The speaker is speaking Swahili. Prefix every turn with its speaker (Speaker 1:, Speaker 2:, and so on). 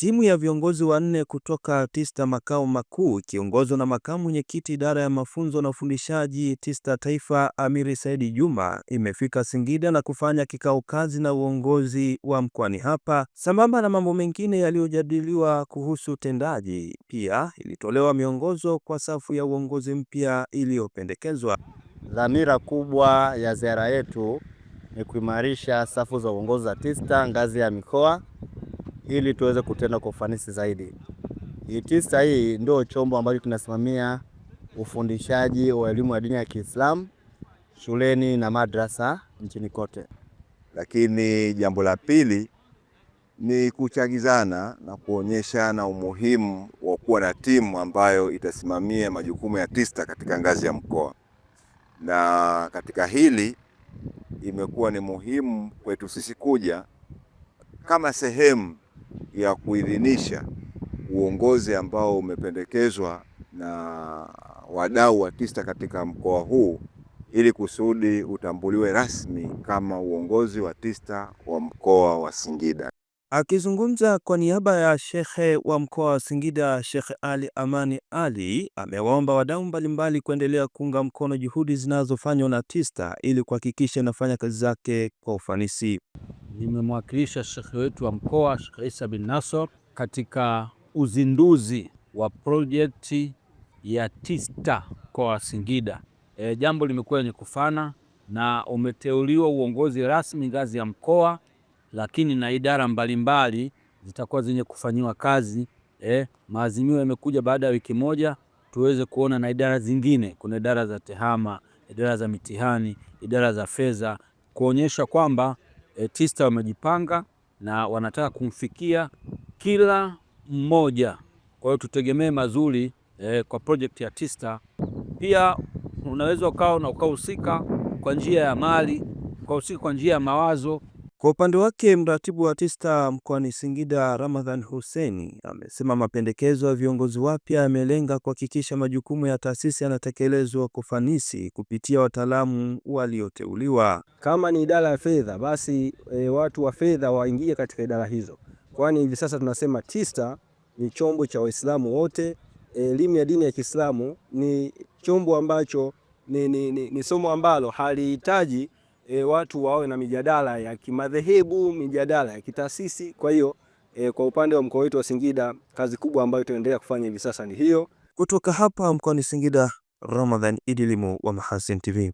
Speaker 1: Timu ya viongozi wanne kutoka TISTA makao makuu ikiongozwa na makamu mwenyekiti idara ya mafunzo na ufundishaji TISTA Taifa, Amiri Saidi Juma, imefika Singida na kufanya kikao kazi na uongozi wa mkoani hapa, sambamba na mambo mengine yaliyojadiliwa kuhusu utendaji. Pia ilitolewa miongozo kwa safu ya uongozi mpya iliyopendekezwa.
Speaker 2: Dhamira kubwa ya ziara yetu ni kuimarisha safu za uongozi za TISTA ngazi ya mikoa ili tuweze kutenda kwa ufanisi zaidi. ITISTA hii ndio chombo ambacho kinasimamia ufundishaji wa elimu ya dini ya Kiislamu shuleni na madrasa nchini kote.
Speaker 3: Lakini jambo la pili ni kuchagizana na kuonyeshana umuhimu wa kuwa na timu ambayo itasimamia majukumu ya TISTA katika ngazi ya mkoa, na katika hili imekuwa ni muhimu kwetu sisi kuja kama sehemu ya kuidhinisha uongozi ambao umependekezwa na wadau wa TISTA katika mkoa huu ili kusudi utambuliwe rasmi kama uongozi wa TISTA wa mkoa wa Singida.
Speaker 1: Akizungumza kwa niaba ya shekhe wa mkoa wa Singida, Shekhe Ali Amani Ali amewaomba wadau mbalimbali kuendelea kuunga mkono juhudi zinazofanywa na TISTA ili kuhakikisha inafanya kazi zake kwa ufanisi
Speaker 4: nimemwakilisha shekhe wetu wa mkoa Shekhe Isa bin Nasor katika uzinduzi wa projekti ya TISTA mkoa wa Singida. E, jambo limekuwa lenye kufana na umeteuliwa uongozi rasmi ngazi ya mkoa, lakini na idara mbalimbali zitakuwa zenye kufanyiwa kazi. E, maazimio yamekuja baada ya wiki moja tuweze kuona na idara zingine. Kuna idara za tehama, idara za mitihani, idara za fedha kuonyesha kwamba e, TISTA wamejipanga na wanataka kumfikia kila mmoja. Kwa hiyo tutegemee mazuri e, kwa project ya TISTA. Pia unaweza ukawa na ukahusika kwa njia ya mali, ukahusika kwa njia ya mawazo.
Speaker 1: Kwa upande wake mratibu wa TISTA mkoani Singida Ramadhan Hussein amesema mapendekezo ya viongozi wapya yamelenga kuhakikisha majukumu ya taasisi yanatekelezwa kwa ufanisi kupitia wataalamu walioteuliwa.
Speaker 2: Kama ni idara ya fedha, basi e, watu wa fedha waingie katika idara hizo, kwani hivi sasa tunasema TISTA ni chombo cha Waislamu wote. Elimu ya dini ya Kiislamu ni chombo ambacho ni, ni, ni, ni somo ambalo halihitaji e, watu wawe na mijadala ya kimadhehebu, mijadala ya kitaasisi. Kwa hiyo e, kwa upande wa mkoa wetu wa Singida kazi kubwa ambayo tunaendelea kufanya hivi sasa ni hiyo.
Speaker 1: Kutoka hapa mkoani Singida, Ramadhan Idilimu wa Mahasin TV.